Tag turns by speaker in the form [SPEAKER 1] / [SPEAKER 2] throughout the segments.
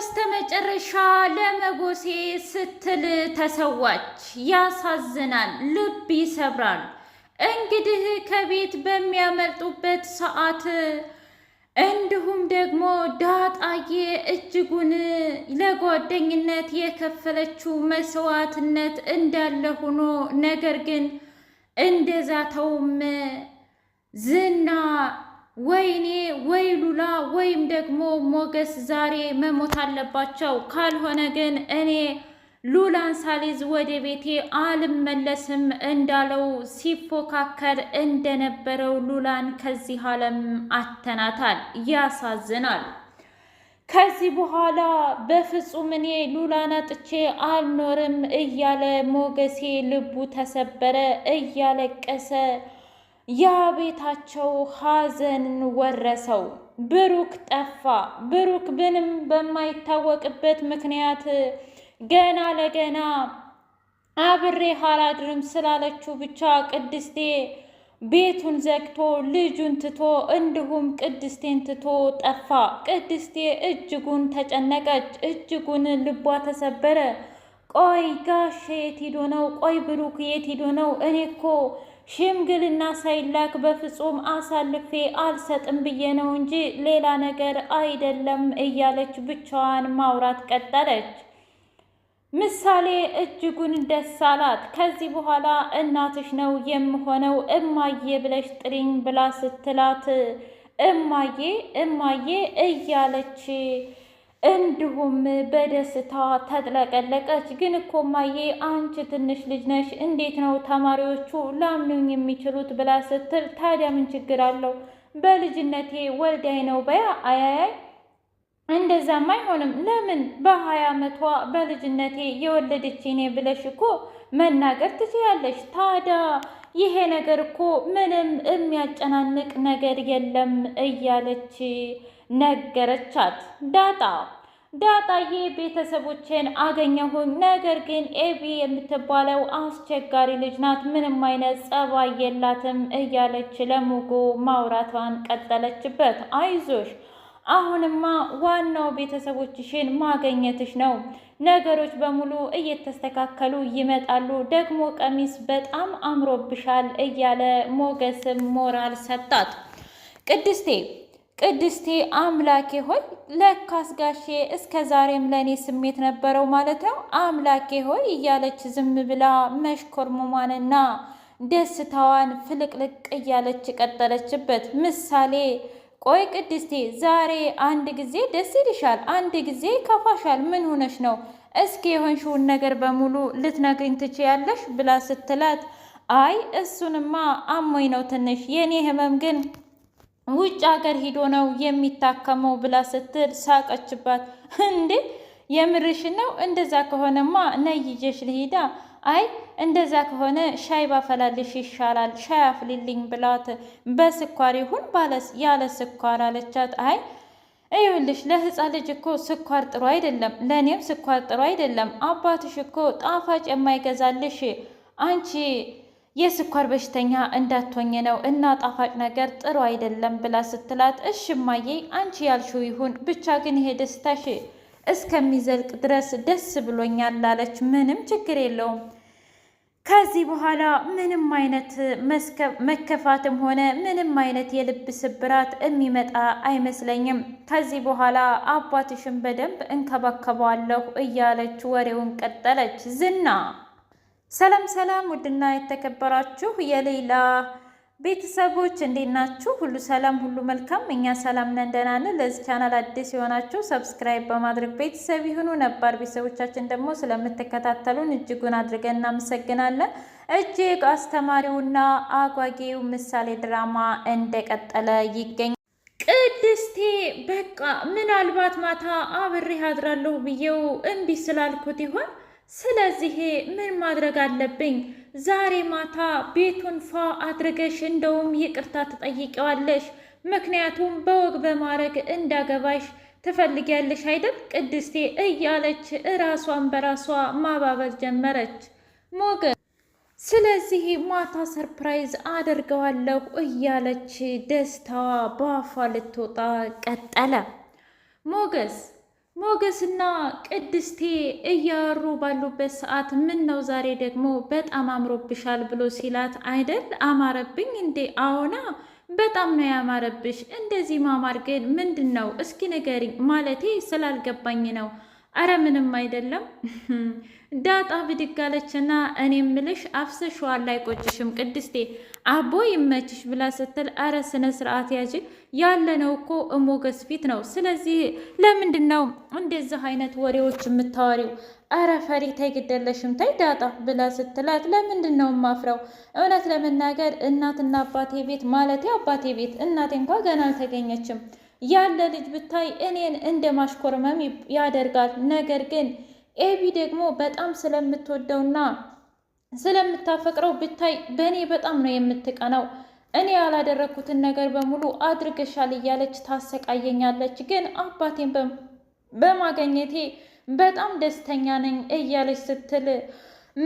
[SPEAKER 1] በስተመጨረሻ ለመጎሴ ስትል ተሰዋች። ያሳዝናል፣ ልብ ይሰብራል። እንግዲህ ከቤት በሚያመልጡበት ሰዓት እንዲሁም ደግሞ ዳጣዬ እጅጉን ለጓደኝነት የከፈለችው መስዋዕትነት እንዳለ ሆኖ ነገር ግን እንደዛተውም ዝና ወይኔ ወይ ሉላ ወይም ደግሞ ሞገስ ዛሬ መሞት አለባቸው። ካልሆነ ግን እኔ ሉላን ሳሊዝ ወደ ቤቴ አልመለስም እንዳለው ሲፎካከር እንደነበረው ሉላን ከዚህ ዓለም አተናታል። ያሳዝናል። ከዚህ በኋላ በፍጹም እኔ ሉላን አጥቼ አልኖርም እያለ ሞገሴ ልቡ ተሰበረ እያለቀሰ ያ ቤታቸው ሐዘንን ወረሰው። ብሩክ ጠፋ። ብሩክ ምንም በማይታወቅበት ምክንያት ገና ለገና አብሬ አላድርም ስላለችው ብቻ ቅድስቴ ቤቱን ዘግቶ ልጁን ትቶ እንዲሁም ቅድስቴን ትቶ ጠፋ። ቅድስቴ እጅጉን ተጨነቀች፣ እጅጉን ልቧ ተሰበረ። ቆይ ጋሼ የት ሄዶ ነው? ቆይ ብሩክ የት ሄዶ ነው? እኔ እኮ ሽምግልና ሳይላክ በፍጹም አሳልፌ አልሰጥም ብዬ ነው እንጂ ሌላ ነገር አይደለም እያለች ብቻዋን ማውራት ቀጠለች። ምሳሌ እጅጉን ደስ አላት። ከዚህ በኋላ እናትሽ ነው የምሆነው እማዬ ብለሽ ጥሪኝ ብላ ስትላት እማዬ እማዬ እያለች እንዲሁም በደስታ ተጥለቀለቀች። ግን እኮ እማዬ አንቺ ትንሽ ልጅ ነሽ፣ እንዴት ነው ተማሪዎቹ ላምኑኝ የሚችሉት ብላ ስትል፣ ታዲያ ምን ችግር አለው በልጅነቴ ወልዳይ ነው በያ አያያይ እንደዛም አይሆንም። ለምን በሀያ አመቷ በልጅነቴ የወለደች እኔ ብለሽ እኮ መናገር ትችያለሽ። ታዲያ ይሄ ነገር እኮ ምንም የሚያጨናንቅ ነገር የለም እያለች ነገረቻት። ዳጣ ዳጣዬ ቤተሰቦችን አገኘሁኝ፣ ነገር ግን ኤቢ የምትባለው አስቸጋሪ ልጅ ናት፣ ምንም አይነት ጸባይ የላትም እያለች ለሙጉ ማውራቷን ቀጠለችበት። አይዞሽ አሁንማ ዋናው ቤተሰቦችሽን ማገኘትሽ ነው። ነገሮች በሙሉ እየተስተካከሉ ይመጣሉ። ደግሞ ቀሚስ በጣም አምሮብሻል እያለ ሞገስም ሞራል ሰጣት። ቅድስቴ ቅድስቴ አምላኬ ሆይ ለካስ ጋሼ እስከ ዛሬም ለእኔ ስሜት ነበረው ማለት ነው። አምላኬ ሆይ እያለች ዝም ብላ መሽኮርመሟንና ደስታዋን ፍልቅልቅ እያለች ቀጠለችበት። ምሳሌ ቆይ ቅድስቴ ዛሬ አንድ ጊዜ ደስ ይልሻል፣ አንድ ጊዜ ከፋሻል። ምን ሆነሽ ነው? እስኪ የሆንሽውን ነገር በሙሉ ልትነግሪኝ ትችያለሽ? ብላ ስትላት አይ እሱንማ አሞኝ ነው ትንሽ የእኔ ህመም ግን ውጭ ሀገር ሂዶ ነው የሚታከመው ብላ ስትል ሳቀችባት። እንዴ የምርሽ ነው? እንደዛ ከሆነማ ነይ ይዤሽ ልሂዳ። አይ እንደዛ ከሆነ ሻይ ባፈላልሽ ይሻላል፣ ሻይ አፍልልኝ ብላት፣ በስኳር ይሁን ባለስ ያለ ስኳር አለቻት። አይ ይኸውልሽ ለህፃን ልጅ እኮ ስኳር ጥሩ አይደለም፣ ለእኔም ስኳር ጥሩ አይደለም። አባትሽ እኮ ጣፋጭ የማይገዛልሽ አንቺ የስኳር በሽተኛ እንዳትሆኝ ነው እና ጣፋጭ ነገር ጥሩ አይደለም ብላ ስትላት፣ እሽ እማዬ አንቺ ያልሽው ይሁን ብቻ ግን ይሄ ደስታሽ እስከሚዘልቅ ድረስ ደስ ብሎኛል አለች። ምንም ችግር የለውም ከዚህ በኋላ ምንም አይነት መከፋትም ሆነ ምንም አይነት የልብ ስብራት የሚመጣ አይመስለኝም። ከዚህ በኋላ አባትሽን በደንብ እንከባከበዋለሁ እያለች ወሬውን ቀጠለች ዝና ሰላም ሰላም፣ ውድና የተከበራችሁ የሌላ ቤተሰቦች እንዴት ናችሁ? ሁሉ ሰላም፣ ሁሉ መልካም። እኛ ሰላም ነን፣ ደህና ነን። ለዚህ ቻናል አዲስ የሆናችሁ ሰብስክራይብ በማድረግ ቤተሰብ ይሁኑ። ነባር ቤተሰቦቻችን ደግሞ ስለምትከታተሉን እጅጉን አድርገን እናመሰግናለን። እጅግ አስተማሪውና አጓጊው ምሳሌ ድራማ እንደቀጠለ ይገኛል። ቅድስቴ በቃ ምናልባት ማታ አብሬ አድራለሁ ብዬው እምቢ ስላልኩት ይሆን ስለዚህ ምን ማድረግ አለብኝ? ዛሬ ማታ ቤቱን ፏ አድርገሽ እንደውም ይቅርታ ትጠይቀዋለሽ። ምክንያቱም በወግ በማድረግ እንዳገባሽ ትፈልጊያለሽ አይደል ቅድስቴ? እያለች እራሷን በራሷ ማባበል ጀመረች ሞገ ስለዚህ ማታ ሰርፕራይዝ አደርገዋለሁ እያለች ደስታዋ በአፏ ልትወጣ ቀጠለ ሞገስ ሞገስና ቅድስቴ እያወሩ ባሉበት ሰዓት ምን ነው ዛሬ ደግሞ በጣም አምሮብሻል ብሎ ሲላት፣ አይደል አማረብኝ እንዴ? አዎና በጣም ነው ያማረብሽ። እንደዚህ ማማር ግን ምንድን ነው እስኪ ንገሪኝ፣ ማለቴ ስላልገባኝ ነው። አረ ምንም አይደለም። ዳጣ ብድግ አለችና እኔ ምልሽ አፍሰሸዋል አይቆጭሽም ቅድስቴ አቦ ይመችሽ ብላ ስትል አረ ስነ ስርዓት ያዥ፣ ያለነው እኮ እሞገስ ፊት ነው። ስለዚህ ለምንድን ነው እንደዚህ አይነት ወሬዎች የምታወሪው? አረ ፈሪ ተይ፣ ግደለሽም ተይ ዳጣ ብላ ስትላት ለምንድን ነው ማፍረው? እውነት ለመናገር እናትና አባቴ ቤት ማለት አባቴ ቤት እናቴ እንኳ ገና አልተገኘችም። ያለ ልጅ ብታይ እኔን እንደ ማሽኮርመም ያደርጋል። ነገር ግን ኤቢ ደግሞ በጣም ስለምትወደውና ስለምታፈቅረው ብታይ በእኔ በጣም ነው የምትቀናው። እኔ ያላደረግኩትን ነገር በሙሉ አድርገሻል እያለች ታሰቃየኛለች፣ ግን አባቴን በማገኘቴ በጣም ደስተኛ ነኝ እያለች ስትል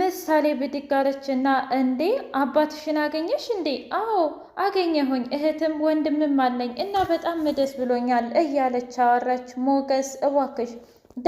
[SPEAKER 1] ምሳሌ ብድግ አለች እና እንዴ አባትሽን አገኘሽ እንዴ? አዎ አገኘሁኝ፣ እህትም ወንድምም አለኝ እና በጣም ደስ ብሎኛል እያለች አወራች። ሞገስ እባክሽ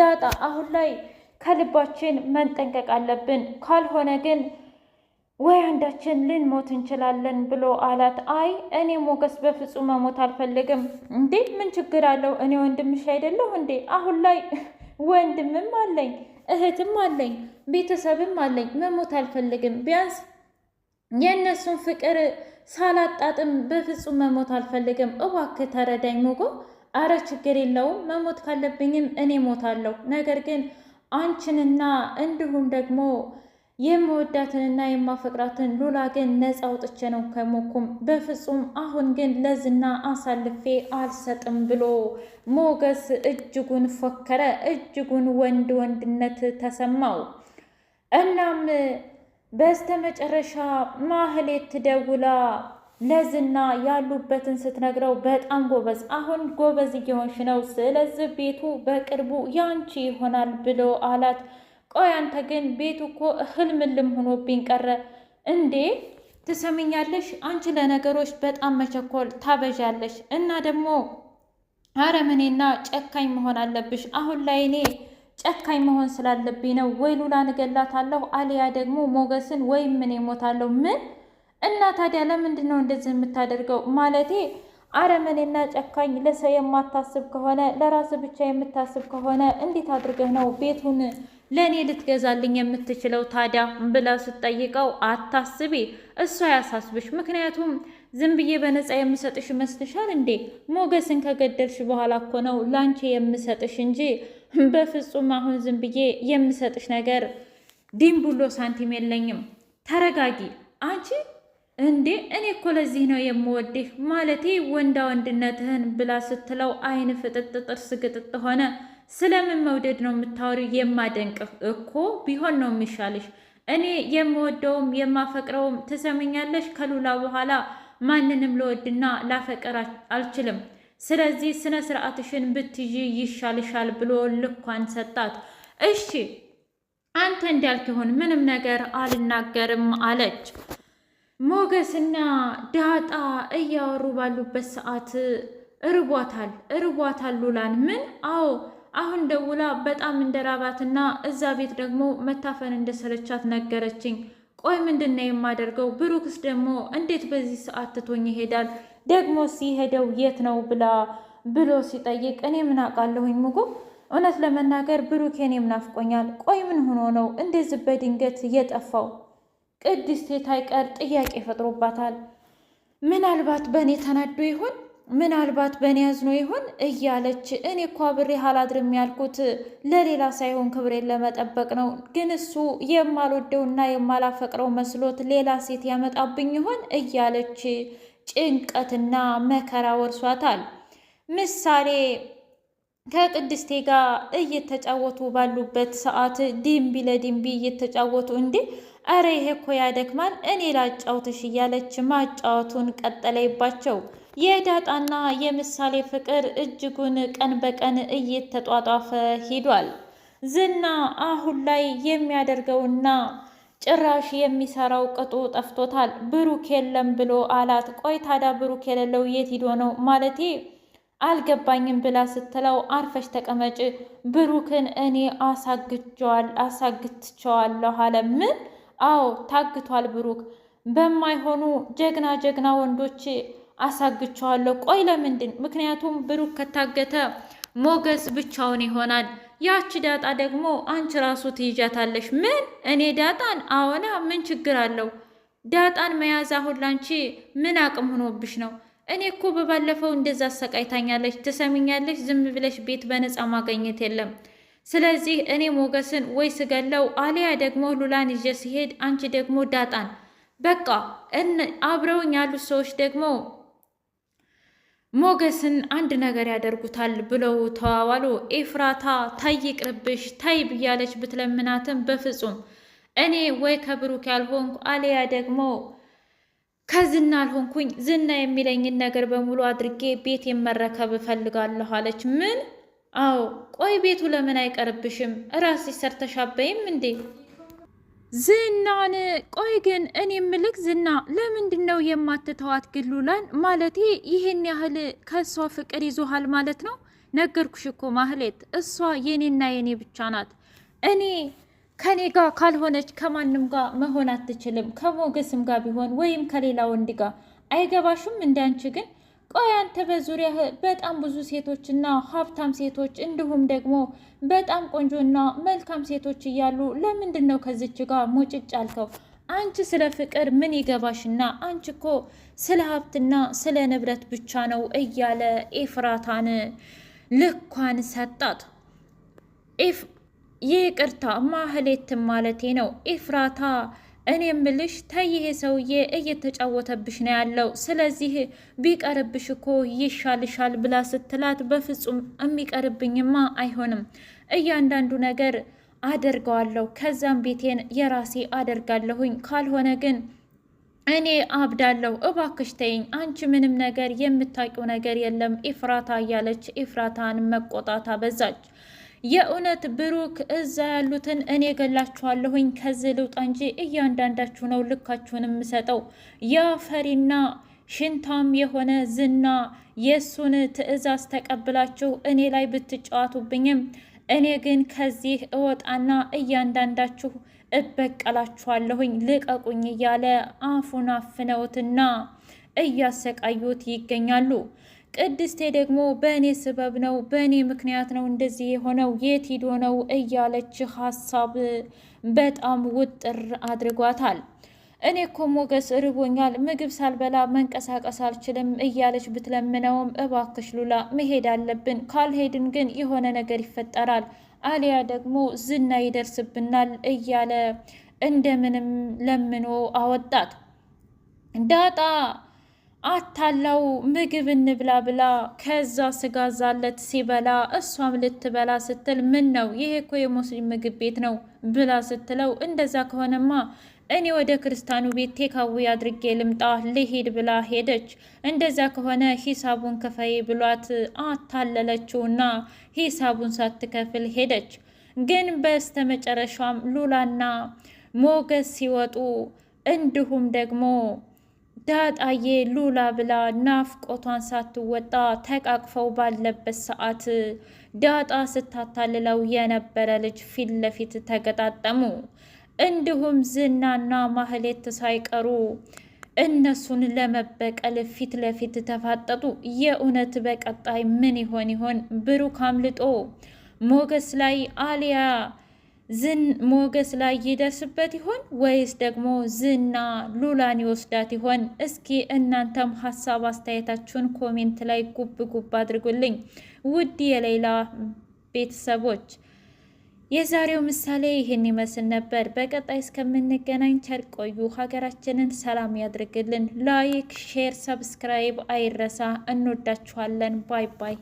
[SPEAKER 1] ዳጣ አሁን ላይ ከልባችን መንጠንቀቅ አለብን። ካልሆነ ግን ወይ አንዳችን ልንሞት እንችላለን ብሎ አላት። አይ እኔ ሞገስ በፍጹም መሞት አልፈልግም። እንዴ ምን ችግር አለው? እኔ ወንድምሽ አይደለሁ እንዴ? አሁን ላይ ወንድምም አለኝ፣ እህትም አለኝ፣ ቤተሰብም አለኝ። መሞት አልፈልግም። ቢያንስ የእነሱን ፍቅር ሳላጣጥም በፍጹም መሞት አልፈልግም። እባክህ ተረዳኝ ሞጎ። አረ ችግር የለውም መሞት ካለብኝም እኔ ሞታለሁ። ነገር ግን አንቺንና እንዲሁም ደግሞ የምወዳትንና የማፈቅራትን ሉላ ግን ነፃ አውጥቼ ነው ከሞኩም በፍጹም አሁን ግን ለዝና አሳልፌ አልሰጥም ብሎ ሞገስ እጅጉን ፎከረ። እጅጉን ወንድ ወንድነት ተሰማው። እናም በስተመጨረሻ ማህሌት ደውላ ለዝና ያሉበትን ስትነግረው በጣም ጎበዝ፣ አሁን ጎበዝ እየሆንሽ ነው። ስለዚህ ቤቱ በቅርቡ ያንቺ ይሆናል ብሎ አላት። ቆይ አንተ ግን ቤቱ እኮ ህልምልም ሆኖብኝ ቀረ እንዴ! ትሰምኛለሽ? አንቺ ለነገሮች በጣም መቸኮል ታበዣለሽ፣ እና ደግሞ አረመኔና ጨካኝ መሆን አለብሽ። አሁን ላይ እኔ ጨካኝ መሆን ስላለብኝ ነው። ወይ ሉላ ንገላታለሁ፣ አሊያ ደግሞ ሞገስን ወይም ምን እሞታለሁ። ምን እና ታዲያ ለምንድን ነው እንደዚህ የምታደርገው? ማለቴ አረመኔና ጨካኝ፣ ለሰው የማታስብ ከሆነ ለራስ ብቻ የምታስብ ከሆነ እንዴት አድርገህ ነው ቤቱን ለእኔ ልትገዛልኝ የምትችለው ታዲያ ብላ ስትጠይቀው፣ አታስቢ እሱ አያሳስብሽ፣ ምክንያቱም ዝም ብዬ በነፃ የምሰጥሽ ይመስልሻል እንዴ? ሞገስን ከገደልሽ በኋላ እኮ ነው ላንቺ የምሰጥሽ እንጂ በፍጹም አሁን ዝም ብዬ የምሰጥሽ ነገር ዲምቡሎ ሳንቲም የለኝም። ተረጋጊ አንቺ እንዴ እኔ እኮ ለዚህ ነው የምወድህ ማለቴ ወንዳ ወንድነትህን ብላ ስትለው አይን ፍጥጥ ጥርስ ግጥጥ ሆነ። ስለምን መውደድ ነው የምታወሪ? የማደንቅህ እኮ ቢሆን ነው የሚሻልሽ። እኔ የምወደውም የማፈቅረውም ትሰምኛለሽ፣ ከሉላ በኋላ ማንንም ልወድና ላፈቅር አልችልም። ስለዚህ ስነ ስርዓትሽን ብትይ ይሻልሻል ብሎ ልኳን ሰጣት። እሺ አንተ እንዳልክ ይሁን፣ ምንም ነገር አልናገርም አለች። ሞገስና ዳጣ እያወሩ ባሉበት ሰዓት እርቧታል እርቧታል ሉላን ምን አዎ አሁን ደውላ በጣም እንደራባትና እዛ ቤት ደግሞ መታፈን እንደሰለቻት ነገረችኝ። ቆይ ምንድን ነው የማደርገው? ብሩክስ ደግሞ እንዴት በዚህ ሰዓት ትቶኝ ይሄዳል? ደግሞ ሲሄደው የት ነው ብላ ብሎ ሲጠይቅ እኔ ምን አውቃለሁኝ ሙጉ እውነት ለመናገር ብሩኬን የምናፍቆኛል። ቆይ ምን ሆኖ ነው እንደዚህ በድንገት የጠፋው? ቅድስቴ ታይቀር ጥያቄ ፈጥሮባታል። ምናልባት በእኔ ተናዶ ይሆን? ምናልባት በእኔ አዝኖ ይሆን እያለች እኔ እኮ አብሬ አላድርም ያልኩት ለሌላ ሳይሆን ክብሬን ለመጠበቅ ነው። ግን እሱ የማልወደውና የማላፈቅረው መስሎት ሌላ ሴት ያመጣብኝ ይሆን እያለች ጭንቀትና መከራ ወርሷታል። ምሳሌ ከቅድስቴ ጋር እየተጫወቱ ባሉበት ሰዓት ድንቢ ለድንቢ እየተጫወቱ እንዴ አረ ይሄ እኮ ያደክማል፣ እኔ ላጫውትሽ እያለች ማጫወቱን ቀጠለይባቸው። የዳጣና የምሳሌ ፍቅር እጅጉን ቀን በቀን እየተጧጧፈ ሂዷል። ዝና አሁን ላይ የሚያደርገውና ጭራሽ የሚሰራው ቅጡ ጠፍቶታል። ብሩክ የለም ብሎ አላት። ቆይ ታዲያ ብሩክ የሌለው የት ሂዶ ነው ማለቴ አልገባኝም ብላ ስትለው አርፈሽ ተቀመጭ ብሩክን እኔ አሳግቸዋል አሳግትቸዋለሁ አለ ምን አዎ ታግቷል ብሩክ በማይሆኑ ጀግና ጀግና ወንዶች አሳግቸዋለሁ። ቆይ ለምንድን? ምክንያቱም ብሩክ ከታገተ ሞገስ ብቻውን ይሆናል። ያቺ ዳጣ ደግሞ አንቺ ራሱ ትይዣታለሽ። ምን? እኔ ዳጣን? አዎና፣ ምን ችግር አለው? ዳጣን መያዝ አሁን ላንቺ ምን አቅም ሆኖብሽ ነው? እኔ እኮ በባለፈው እንደዛ አሰቃይታኛለች። ትሰሚኛለች? ዝም ብለሽ ቤት በነፃ ማገኘት የለም ስለዚህ እኔ ሞገስን ወይ ስገለው አሊያ ደግሞ ሉላን ይዤ ሲሄድ አንቺ ደግሞ ዳጣን በቃ እን አብረውኝ ያሉት ሰዎች ደግሞ ሞገስን አንድ ነገር ያደርጉታል ብለው ተዋዋሉ። ኤፍራታ ታይ ቅርብሽ ታይ ብያለች ብትለምናትም በፍጹም እኔ ወይ ከብሩክ ያልሆንኩ አሊያ ደግሞ ከዝና አልሆንኩኝ ዝና የሚለኝን ነገር በሙሉ አድርጌ ቤት የመረከብ እፈልጋለሁ አለች። ምን አዎ ቆይ ቤቱ ለምን አይቀርብሽም? እራስሽ ሰርተሽ አበይም እንዴ? ዝናን ቆይ ግን እኔ ምልክ ዝና ለምንድን ነው የማትተዋት? ግሉላን ማለቴ ይህን ያህል ከእሷ ፍቅር ይዞሃል ማለት ነው? ነገርኩሽ እኮ ማህሌት፣ እሷ የኔና የኔ ብቻ ናት። እኔ ከኔ ጋር ካልሆነች ከማንም ጋር መሆን አትችልም። ከሞገስም ጋር ቢሆን ወይም ከሌላ ወንድ ጋር አይገባሽም? እንዳንቺ ግን ቆይ አንተ በዙሪያህ በጣም ብዙ ሴቶችና ሀብታም ሴቶች እንዲሁም ደግሞ በጣም ቆንጆና መልካም ሴቶች እያሉ ለምንድን ነው ከዚች ጋር ሙጭጭ አልከው? አንቺ ስለ ፍቅር ምን ይገባሽና? አንቺ እኮ ስለ ሀብትና ስለ ንብረት ብቻ ነው እያለ ኤፍራታን ልኳን ሰጣት። ይቅርታ ማህሌት ማለቴ ነው ኤፍራታ እኔ ምልሽ ተይ፣ ይሄ ሰውዬ እየተጫወተብሽ ነው ያለው። ስለዚህ ቢቀርብሽ እኮ ይሻልሻል ብላ ስትላት፣ በፍጹም የሚቀርብኝማ አይሆንም፣ እያንዳንዱ ነገር አደርገዋለሁ፣ ከዛም ቤቴን የራሴ አደርጋለሁኝ። ካልሆነ ግን እኔ አብዳለሁ። እባክሽ ተይኝ፣ አንቺ ምንም ነገር የምታውቂው ነገር የለም ኢፍራታ እያለች ኢፍራታን መቆጣት አበዛች። የእውነት ብሩክ እዛ ያሉትን እኔ ገላችኋለሁኝ ከዚህ ልውጣ እንጂ እያንዳንዳችሁ ነው ልካችሁን የምሰጠው። ያፈሪና ሽንታም የሆነ ዝና የእሱን ትዕዛዝ ተቀብላችሁ እኔ ላይ ብትጫወቱብኝም እኔ ግን ከዚህ እወጣና እያንዳንዳችሁ እበቀላችኋለሁኝ ልቀቁኝ እያለ አፉን አፍነውትና እያሰቃዩት ይገኛሉ። ቅድስቴ ደግሞ በእኔ ስበብ ነው፣ በእኔ ምክንያት ነው እንደዚህ የሆነው፣ የት ሂዶ ነው እያለች ሀሳብ በጣም ውጥር አድርጓታል። እኔ እኮ ሞገስ ርቦኛል፣ ምግብ ሳልበላ መንቀሳቀስ አልችልም እያለች ብትለምነውም እባክሽ ሉላ መሄድ አለብን፣ ካልሄድን ግን የሆነ ነገር ይፈጠራል፣ አሊያ ደግሞ ዝና ይደርስብናል እያለ እንደምንም ለምኖ አወጣት ዳጣ አታላው ምግብ እንብላ ብላ ከዛ ስጋ ዛለት ሲበላ እሷም ልትበላ ስትል ምን ነው ይሄ እኮ የሙስሊም ምግብ ቤት ነው ብላ ስትለው እንደዛ ከሆነማ እኔ ወደ ክርስቲያኑ ቤት ቴካዊ አድርጌ ልምጣ ልሄድ ብላ ሄደች። እንደዛ ከሆነ ሂሳቡን ክፈይ ብሏት አታለለችውና ሂሳቡን ሳትከፍል ሄደች። ግን በስተመጨረሻም ሉላና ሞገስ ሲወጡ እንዲሁም ደግሞ ዳጣዬ ሉላ ብላ ናፍቆቷን ሳትወጣ ተቃቅፈው ባለበት ሰዓት ዳጣ ስታታልለው የነበረ ልጅ ፊት ለፊት ተገጣጠሙ። እንዲሁም ዝናና ማህሌት ሳይቀሩ እነሱን ለመበቀል ፊት ለፊት ተፋጠጡ። የእውነት በቀጣይ ምን ይሆን ይሆን? ብሩክ አምልጦ ሞገስ ላይ አሊያ ዝን ሞገስ ላይ ይደርስበት ይሆን ወይስ ደግሞ ዝና ሉላን ይወስዳት ይሆን? እስኪ እናንተም ሀሳብ አስተያየታችሁን ኮሜንት ላይ ጉብ ጉብ አድርጉልኝ። ውድ የሌላ ቤተሰቦች የዛሬው ምሳሌ ይህን ይመስል ነበር። በቀጣይ እስከምንገናኝ ቸር ቆዩ። ሀገራችንን ሰላም ያድርግልን። ላይክ፣ ሼር፣ ሰብስክራይብ አይረሳ። እንወዳችኋለን። ባይ ባይ